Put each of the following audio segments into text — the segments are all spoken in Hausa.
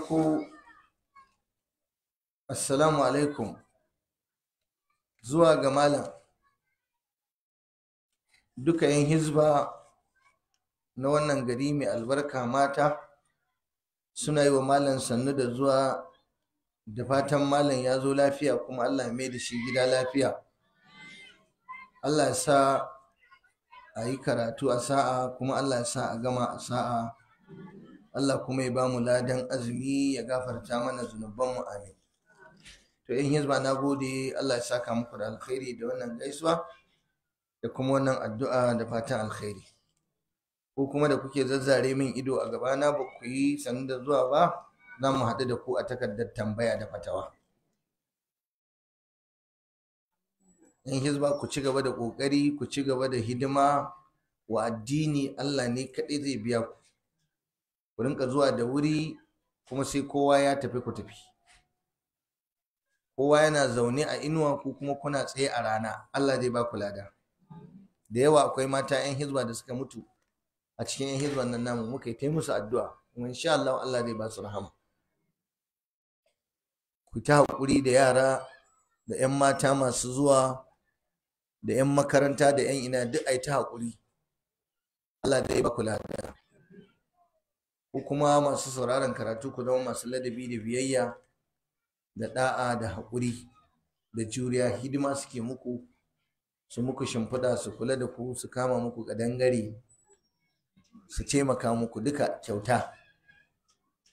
farko assalamu alaikum zuwa ga malam duka yin hizba na wannan gari mai albarka mata suna yi wa malam sannu da zuwa da fatan malam ya zo lafiya kuma allah mai da shi gida lafiya allah sa a yi karatu a sa'a kuma allah sa a gama a sa'a Allah kuma ya bamu ladan azumi ya gafarta mana zunubanmu amin to in hizba na gode Allah ya saka muku da alkhairi da wannan gaisuwa da kuma wannan addu'a da fatan alkhairi ko kuma da kuke zazzare min ido a gabana ba ku yi sanin da zuwa ba za mu haɗu da ku a takardar tambaya da fatawa in hizba ku ci gaba da ƙoƙari ku ci gaba da hidima wa addini Allah ne kaɗai zai biya ku ku rinka zuwa da wuri kuma sai kowa ya tafi ku tafi kowa yana zaune a inuwa ku kuma kuna tsaye a rana Allah zai ba ku lada da yawa akwai mata 'yan hizba da suka mutu a cikin 'yan hizban nan namu muka yi musu addu'a kuma insha Allah Allah zai ba su rahama ku ta hakuri da yara da 'yan mata masu zuwa da 'yan makaranta da 'yan ina duk ai ta haƙuri Allah zai ba ku lada ko kuma masu sauraron karatu ku zama masu ladabi da biyayya da ɗa'a da haƙuri da juriya hidima suke muku su muku shimfiɗa su kula da ku su kama muku dangare su taimaka muku duka kyauta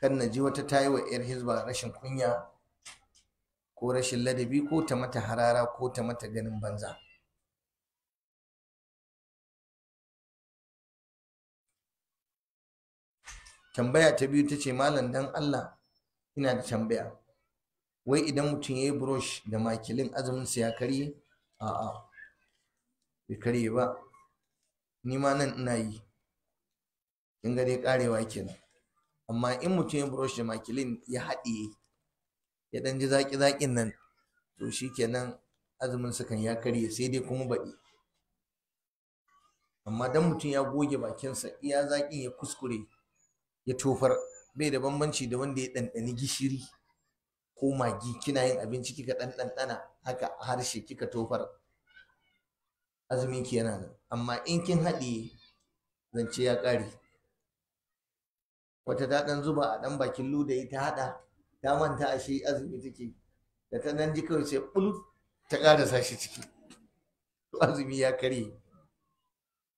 kan na ji wata ta yi wa 'yar hizba rashin kunya ko rashin ladabi ko ta mata harara ko ta mata ganin banza. tambaya ta biyu ta ce malam dan Allah ina da tambaya wai idan mutum ya yi brush da makilin azuminsa ya karye a'a bai karye ba ni ma nan ina yi In ga dai karewa kenan amma in mutum ya brush da makilin ya haɗiye ya ɗan ji zaƙi zaƙin nan to shi kenan azumin sukan ya karye sai dai kuma baɗi amma dan mutum ya goge bakinsa iya zaƙin ya kuskure ya tofar bai da bambanci da wanda ya ɗanɗani gishiri ko magi kina yin abinci kika ɗanɗana haka a harshe kika tofar azumin yana nan amma in kin haɗe zance ya ƙare wata ta ɗan zuba a ɗan bakin ludayi ta haɗa ta manta ashe azumi take da ta nan ji kawai sai ɓul ta sa shi ciki to azumi ya karye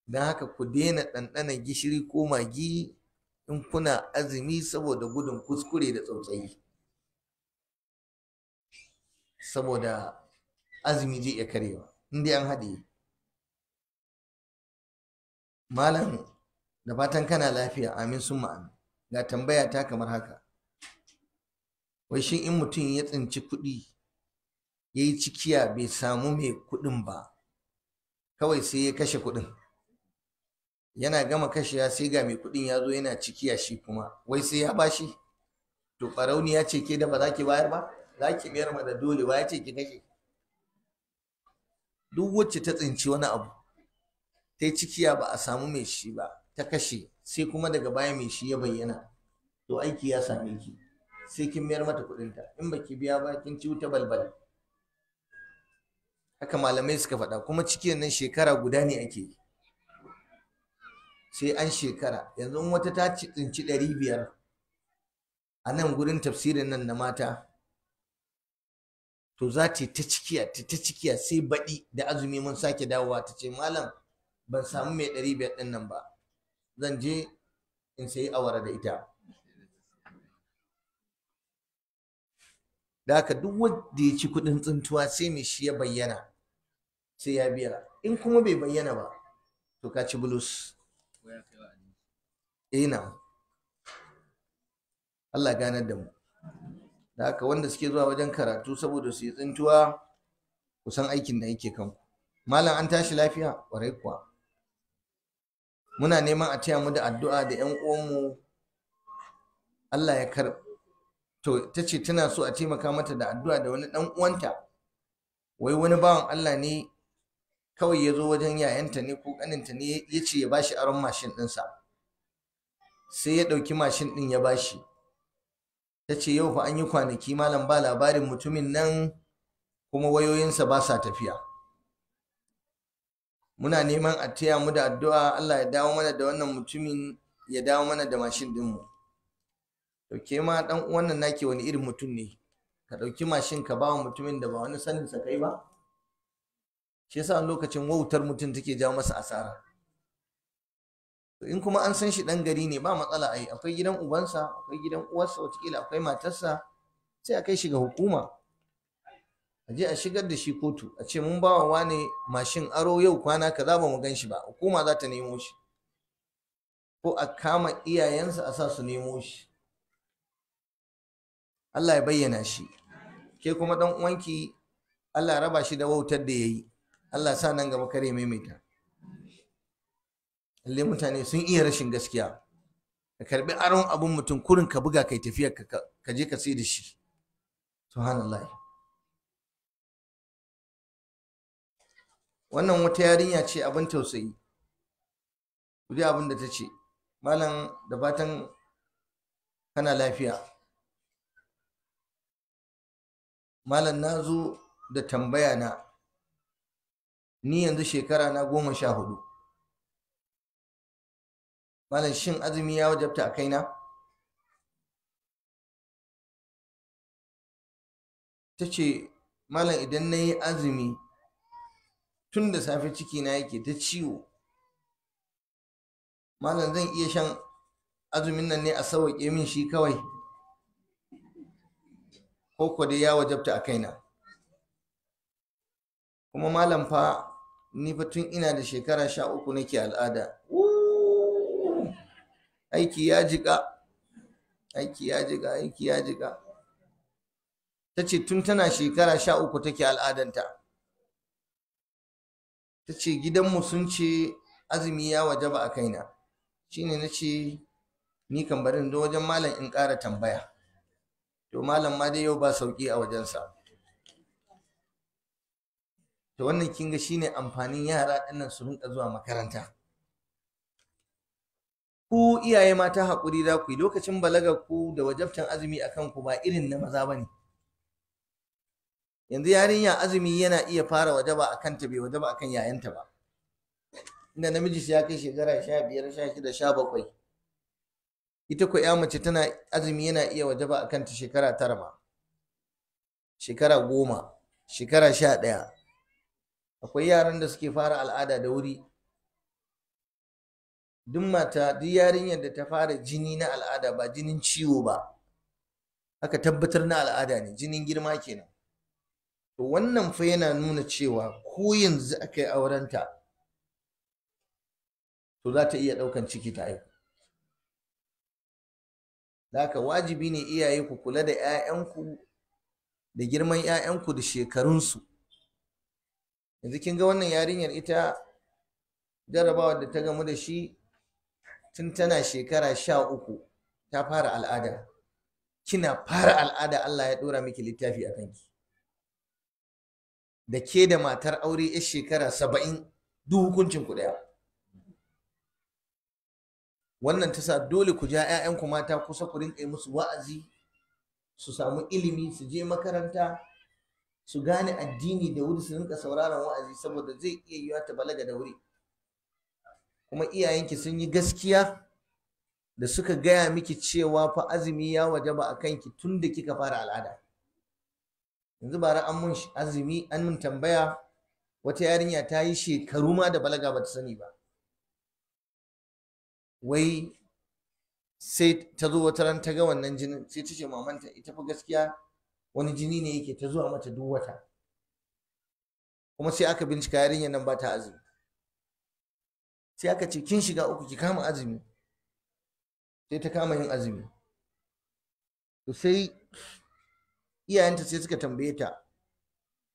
don haka ku daina ɗanɗana gishiri ko magi in kuna azumi saboda gudun kuskure da tsautsayi saboda azumi zai iya karewa inda an haɗe malam da fatan kana lafiya amin sun ma'amin ga tambaya ta kamar haka wai shi in mutum ya tsinci kuɗi ya yi cikiya bai samu mai kuɗin ba kawai sai ya kashe kuɗin yana gama kashewa sai ga mai kuɗin ya zo yana cikiya shi kuma wai sai ya bashi to farauni ya ce ke da ba za ki bayar ba za ki mayar ma da dole ba ya ce ki kashe duk wacce ta tsinci wani abu ta yi cikiya ba a samu mai shi ba ta kashe sai kuma daga baya mai shi ya bayyana to aiki ya same ki sai kin mayar mata kuɗinta in ba ki biya ba kin ci wuta balbal haka malamai suka faɗa kuma cikin nan shekara guda ne ake yi sai an shekara yanzu wata ta tsinci ɗari biyar a nan gurin tafsirin nan na mata to za ta ta cikiya ta ta cikiya sai baɗi da azumi mun sake dawowa ta ce malam ban samu mai ɗari biyar ɗin nan ba zan je in sayi awara da ita da haka duk wanda ya ci kuɗin tsintuwa sai mai shi ya bayyana sai ya biya in kuma bai bayyana ba to ka ci bulus Eh na. Allah ganar da mu da haka wanda suke zuwa wajen karatu saboda su yi tsintuwa kusan aikin da yake kanku malam an tashi lafiya ƙwarai kuwa muna neman a taya mu da addu'a da ƴan uwanmu Allah ya kar to ta ce tana so a taimaka mata da addu'a da wani ɗan uwanta wai wani bawan Allah ne kawai ya zo wajen yayanta ne ko kaninta ne ya ce ya ba shi aron mashin ɗinsa sai ya ɗauki mashin ɗin ya ba shi ta ce yau fa an yi kwanaki malam ba labarin mutumin nan kuma wayoyinsa ba sa tafiya muna neman a taya mu da addu'a Allah ya dawo mana da wannan mutumin ya dawo mana da mashin ɗinmu ɗauke ma ɗan uwan nan naki wani irin mutum ne ka ɗauki mashin ka ba wa mutumin da ba wani sanin sa kai ba shi yasa lokacin wautar mutum take jawo masa asara in kuma an san shi dan gari ne ba matsala ai akwai gidan ubansa akwai gidan uwarsa kila akwai matarsa sai a kai shi ga hukuma a je a shigar da shi kotu a ce mun bawa wane mashin aro yau kwana kaza ba mu gan shi ba hukuma za ta nemo shi ko a kama iyayensa a sa su nemo shi Allah ya bayyana shi ke kuma dan uwanki Allah ya raba shi da wautar da yayi Allah sa nan gaba kare maimaita lalle mutane sun iya rashin gaskiya ka karbi aron abun mutum kurin ka buga kai tafiya ka je ka sai da shi subhanallah wannan wata yarinya ce abin tausayi ku ji abin da ta ce malam da fatan kana lafiya malam na zo da tambaya na ni yanzu shekara na goma sha hudu malam shin azumi ya wajabta a kaina ta ce malam idan na yi azumi tun da safe cikina yake ta ciwo malam zan iya shan azumin nan ne a sauwaƙe min shi kawai ko dai ya wajabta a kaina kuma malam fa ni fa tun ina da shekara sha uku nake al'ada aiki ya jika aiki ya jika aiki ya jika ta ce tun tana shekara sha uku take al'adanta ta ce gidanmu sun ce azumi ya wajaba a kaina shine na ce ni kan barin wajen malam in ƙara tambaya to malam ma dai yau ba sauƙi a wajensa to wannan kin ga shine amfanin yara dinnan su rinka zuwa makaranta ku iyaye mata haƙuri za ku yi lokacin balaga ku da wajabtan azumi a kanku ba irin na maza ba ne yanzu yarinya azumi yana iya fara wajaba a kanta bai wajaba a yayanta ba inda namiji ya kai shekara sha biyar sha shida sha bakwai ita ko ya mace tana azumi yana iya wajaba a kanta shekara tara ma shekara goma shekara sha ɗaya akwai yaran da suke fara al'ada da wuri duk mata duk yarinyar da ta fara jini na al'ada ba jinin ciwo ba aka tabbatar na al'ada ne jinin girma kenan to wannan fa yana nuna cewa ko yanzu aka yi aurenta to za ta iya ɗaukan ciki ta Da haka wajibi ne iyaye ku kula da 'ya'yanku da girman 'ya'yanku da shekarunsu yanzu kin ga wannan yarinyar ita jarabawa da ta gamu da shi tun tana shekara sha uku ta fara al'ada kina fara al'ada Allah ya ɗora miki littafi a kanki da ke da matar aure ya shekara saba'in duk hukuncin ku ɗaya wannan ta sa dole ku ja 'ya'yanku mata kusa ku yi musu wa'azi su samu ilimi su je makaranta su gane addini da wuri su rinka sauraron wa'azi saboda zai iya yiwa ta balaga da wuri kuma iyayenki sun yi gaskiya da suka gaya miki cewa fa azumi ya wajaba a kanki tun da kika fara al'ada yanzu bara an mun azumi an mun tambaya wata yarinya ta yi shekaru ma da balaga ba ta sani ba wai sai ta zo wata ran ta ga wannan jinin sai ta ce mamanta ita fa gaskiya wani jini ne yake ta zuwa mata duk wata kuma sai aka bincika yarinyar nan ba ta azumi sai aka ce kin shiga uku ki kama azumi sai ta kama yin azumi to sai iyayenta sai suka tambaye ta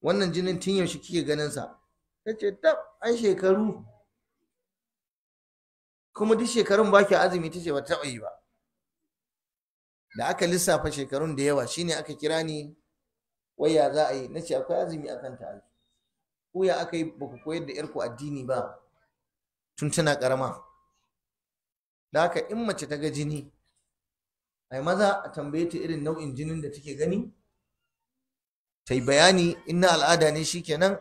wannan jinin tun yaushe kike ganin sa ta ce tab an shekaru kuma duk shekarun ba ki azumi ta ce ba taɓa yi ba da aka lissafa shekarun da yawa shine aka kira ni waya za a yi na ce akwai azumi a kanta ai ko ya aka yi ba ku koyar da yarku addini ba tun tana karama da haka in mace ta ga jini ai maza a tambaye ta irin nau'in jinin da take gani ta bayani in na al'ada ne shikenan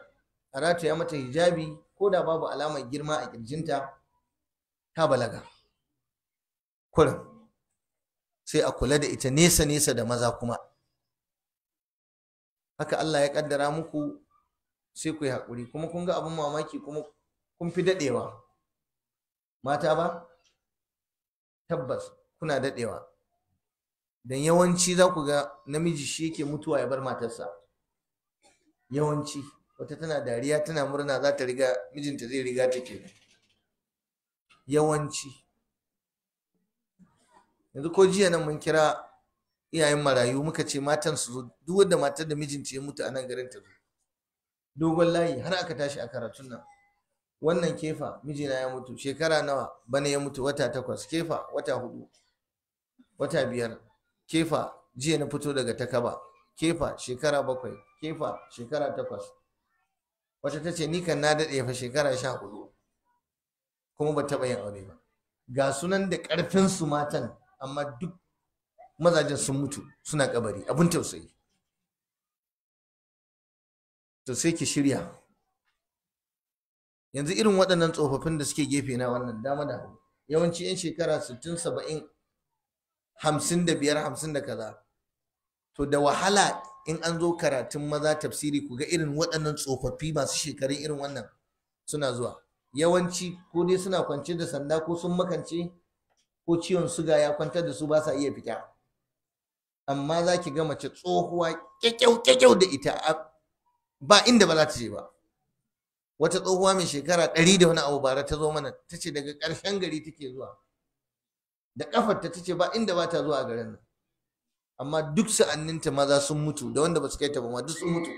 a ya mata hijabi ko da babu alamar girma a kirjinta ta balaga kurin sai a kula da ita nesa nesa da maza kuma haka Allah ya kaddara muku sai ku yi haƙuri kuma kun ga abin mamaki kuma kun fi daɗewa mata ba tabbas kuna daɗewa don yawanci za ku ga namiji shi yake mutuwa ya bar matarsa yawanci wata tana dariya tana murna za ta riga mijinta zai riga ta ke yawanci yanzu ko jiya nan mun kira iyayen marayu muka ce matan su zo duk wanda matar da mijinta ya mutu a nan garin ta zo dogon layi har aka tashi a karatun nan wannan kefa mijina ya mutu shekara nawa bana ya mutu wata takwas kefa wata hudu wata biyar kefa jiya na fito daga takaba kefa shekara bakwai kefa shekara takwas wata ta ce nikan na daɗe fa shekara sha hudu kuma ba taɓa yin aure ba ga sunan da ƙarfin su matan amma duk mazajen sun mutu suna kabari abin tausayi to sai ki shirya yanzu irin waɗannan tsofaffin da suke gefe na wannan dama da yawanci 'yan shekara 60 70 hamsin da biyar hamsin da kaza to da wahala in an zo karatun maza tafsiri ku ga irin waɗannan tsofaffi masu shekarun irin wannan suna zuwa yawanci ko dai suna kwance da sanda ko sun makance ko ciwon suga ya kwantar da su ba sa iya fita amma za ki ga mace tsohuwa kyakkyau kyakkyau da ita ba inda ba za ta je ba wata tsohuwa mai shekara ɗari da wani abu bara ta zo mana ta ce daga ƙarshen gari take zuwa da ƙafarta ta ce ba inda ba ta zuwa a garin nan amma duk sa'anninta maza sun mutu da wanda ba su kai ta ba ma duk sun mutu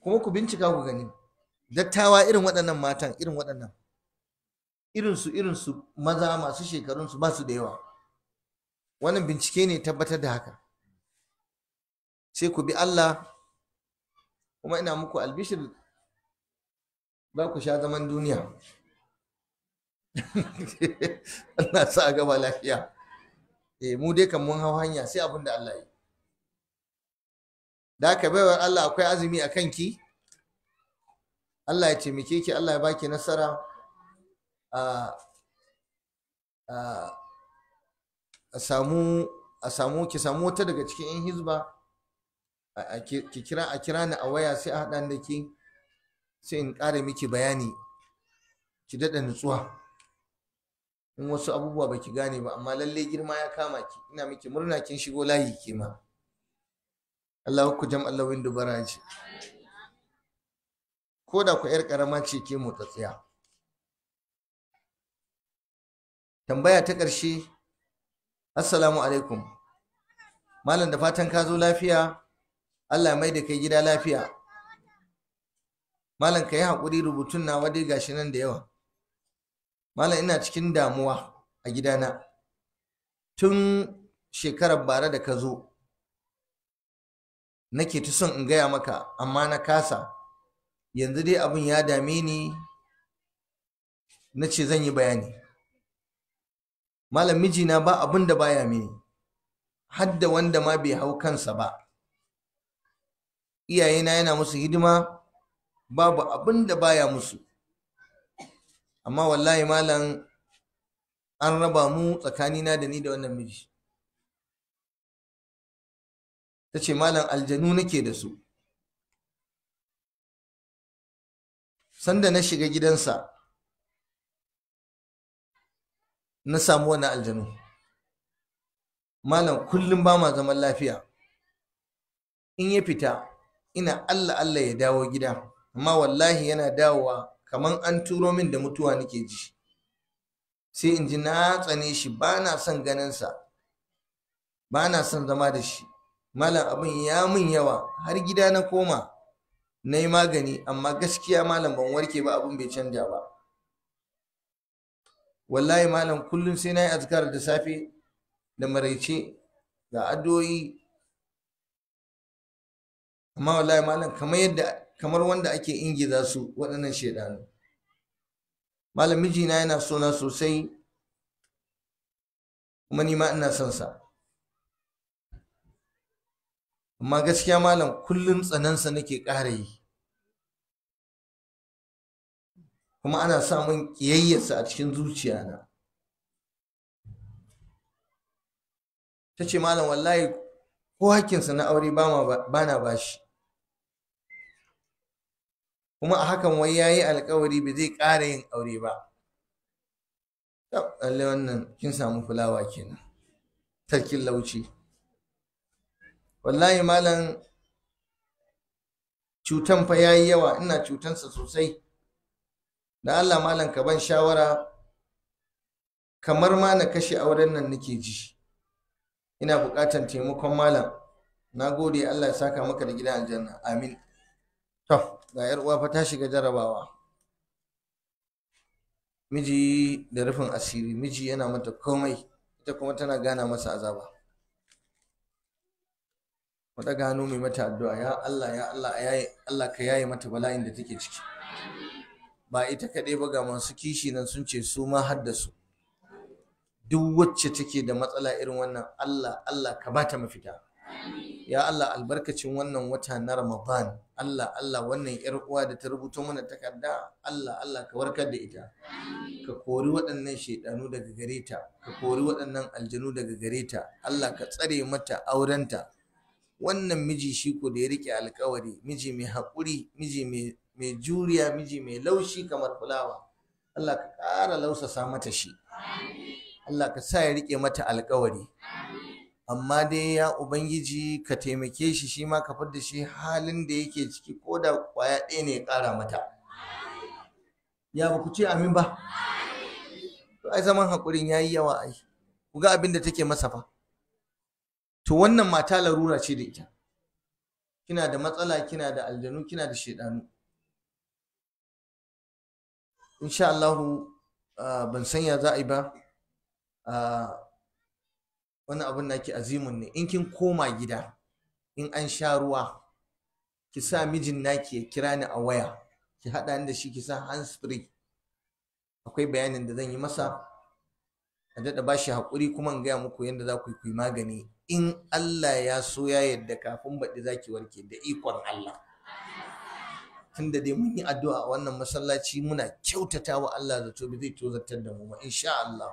kuma ku bincika ku gani dattawa irin waɗannan matan irin waɗannan irinsu irinsu maza masu shekarunsu su su da yawa wannan bincike ne tabbatar da haka sai ku bi Allah kuma ina muku albishir za ku sha zaman duniya Allah sa a gaba lafiya eh mu dai kan mun hau hanya sai abin da Allah yi da aka baiwa Allah akwai azumi a kanki Allah ya taimake ki Allah ya baki nasara a samu ki samu wata daga cikin 'yan hizba ki kira a kira ni a waya sai a haɗa da ki sai in ƙara miki bayani ki daɗa nutsuwa in wasu abubuwa ba ki gane ba amma lallai girma ya kama ki ina miki murna kin shigo layi ke ma Allah ku jam Allah windu baraji ko da ku 'yar ƙarama ce ke tsaya? tambaya ta ƙarshe assalamu alaikum malam da fatan ka zo lafiya allah mai da kai gida lafiya malam ka yi haƙuri rubutun na wadai gashi nan da yawa malam ina cikin damuwa a gidana tun shekarar bara da ka zo nake ta son in gaya maka amma na kasa yanzu dai abin ya dame ni na ce zan yi bayani malam mijina ba abin da baya mini hadda wanda ma bai hau kansa ba iyayena yana musu hidima babu abin da baya musu amma wallahi malam an raba mu tsakanina da ni da wannan miji ta ce malam aljanu nake da su sanda na shiga gidansa na samu wani aljanu malam kullum ba ma zaman lafiya in ya fita ina allah allah ya dawo gida amma wallahi yana dawowa kamar an turo min da mutuwa nake ji sai in ji na tsane shi ba na son ganinsa ba na son zama da shi malam abin ya min yawa har gida na koma na yi magani amma gaskiya malam ban warke ba abin bai canja ba wallahi malam kullum sai na yi azkar da safe da maraice ga addu'o'i amma wallahi malam kamar yadda kamar wanda ake ingiza su waɗannan shaidanu malam mijina yana sona sosai kuma ni ma ina son sa amma gaskiya malam kullum tsanansa nake ƙara yi kuma ana samun ƙiyayyarsa a cikin zuciyana ta ce malam wallahi ko hakinsa na aure ba na bashi kuma a hakan wai ya yi alkawari ba zai ƙara yin aure ba lallai wannan kin samu fulawa kenan tarkin lauci wallahi malam cutan fa ya yi yawa ina cutansa sosai da Allah malam ka ban shawara kamar ma na kashe auren nan nake ji ina bukatan taimakon malam na gode Allah ya saka maka da gidan aljanna amin to ga yar uwa fa ta shiga jarabawa miji da rufin asiri miji yana mata komai ita kuma tana gana masa azaba wata gano mai mata addu'a ya Allah ya Allah ya Allah ka yaye mata bala'in da take ciki ba ita kaɗai ba ga masu kishi nan sun ce su ma su. duk wacce take da matsala irin wannan Allah Allah ka bata mafita ya Allah albarkacin wannan wata na Ramadan Allah Allah wannan yar uwa da ta rubuta mana takarda Allah Allah ka warkar da ita ka kori waɗannan shedanu daga gare ta ka kori waɗannan aljanu daga gare ta Allah ka tsare mata aurenta wannan miji shi ko da ya rike alkawari miji mai hakuri miji mai mai juriya miji mai laushi kamar fulawa Allah ka ƙara lausasa mata shi Allah ka sa ya riƙe mata alƙawari amma dai ya ubangiji ka taimake shi shi ma ka fadda shi halin da yake ciki ko da ƙwaya ɗaya ne ya ƙara mata ya ba ku ce amin ba to ai zaman haƙurin ya yi yawa ai ku ga abin da take masa fa to wannan mata larura ce da ita kina da matsala kina da aljanu kina da shaidanu insha Allahu ah, ban sanya za a ba ah, wani abin da ke azimun ne in kin koma gida in an sha ruwa ki sa mijin naki ya kira ni a waya ki haɗa ni da shi ki sa hands akwai bayanin da zan yi masa a daɗa ba shi haƙuri kuma in gaya muku yadda za ku yi magani in Allah ya soya yadda kafin baɗi za ki warke da ikon Allah tunda dai mun yi addu'a a wannan masallaci muna kyautata wa Allah zato bi zai tozartar da mu ma insha Allah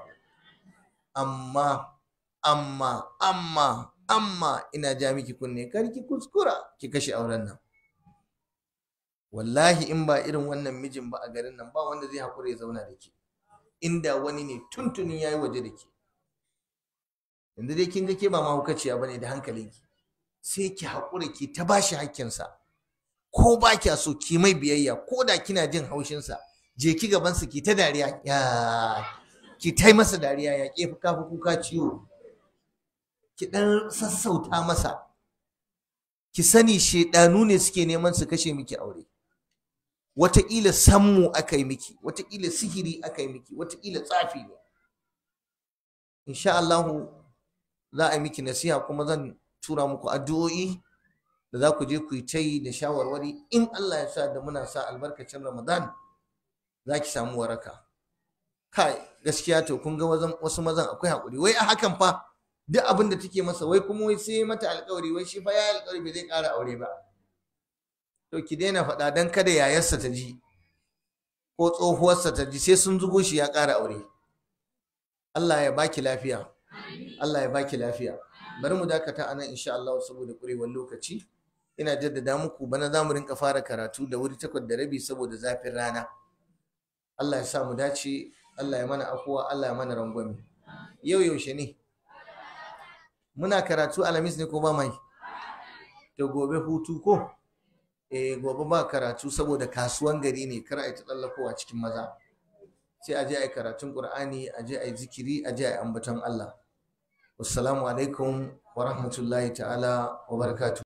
amma amma amma amma ina ja miki kunne kar ki kuskura ki kashe auren nan wallahi in ba irin wannan mijin ba a garin nan ba wanda zai haƙura ya zauna da ke inda wani ne tuntunin yayi waje da ke yanzu dai kin ga ke ba mahaukaciya bane da hankalinki sai ki haƙura ki ta bashi hakkinsa ko ba kya so ki mai biyayya ko da kina jin haushinsa je ki gabansa ki ta dariya ya ki tai masa dariya ya ke fuka kuka ciwo ki dan sassauta masa ki sani shedanu ne suke neman su kashe miki aure wataƙila sammu aka yi miki wataƙila sihiri aka yi miki wataƙila tsafi ne insha Allah za a yi miki nasiha kuma zan tura muku addu'o'i da za ku je ku yi ta yi da shawarwari in Allah ya sa da muna sa albarkacin Ramadan za ki samu waraka kai gaskiya to kun ga wasu mazan akwai haƙuri wai a hakan fa duk abin da take masa wai kuma wai sai mata alƙawari wai shi fa ya alƙawari bai zai ƙara aure ba to ki daina faɗa dan kada yayarsa ta ji ko tsohuwarsa ta ji sai sun zugo shi ya ƙara aure Allah ya baki lafiya Allah ya baki lafiya bari mu dakata anan insha Allah saboda ƙurewar lokaci ina jaddada muku bana za mu rinka fara karatu da wuri takwas da rabi saboda zafin rana Allah ya sa mu dace Allah ya mana afuwa Allah ya mana rangwame yau yaushe ne muna karatu alamis ne ko ba mai Da gobe hutu ko eh gobe ba karatu saboda kasuwan gari ne kar a ta tsallakowa cikin maza sai a je a yi karatun qur'ani a je a yi zikiri a je a yi ambaton Allah assalamu alaikum wa rahmatullahi ta'ala wa barakatuh